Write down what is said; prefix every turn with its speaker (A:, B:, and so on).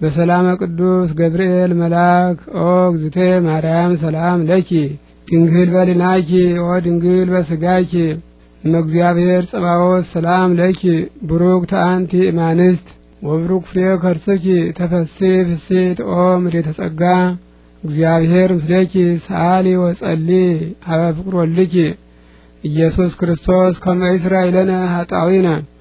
A: በሰላመ ቅዱስ ገብርኤል መልአክ ኦ ማርያም ሰላም ለኪ ድንግል በልናኪ ኦ ድንግል በስጋኪ እመእግዚአብሔር ጸባዖት ሰላም ለኪ ብሩክ አንቲ እማንስት ወብሩክ ፍሬ ከርስኪ ተፈሲ ፍሲት ኦ ምድረ ጸጋ እግዚአብሔር ምስሌኪ ሰአሊ ወጸሊ ሀበ ፍቅር ኢየሱስ ክርስቶስ ከመ
B: ሀጣዊነ።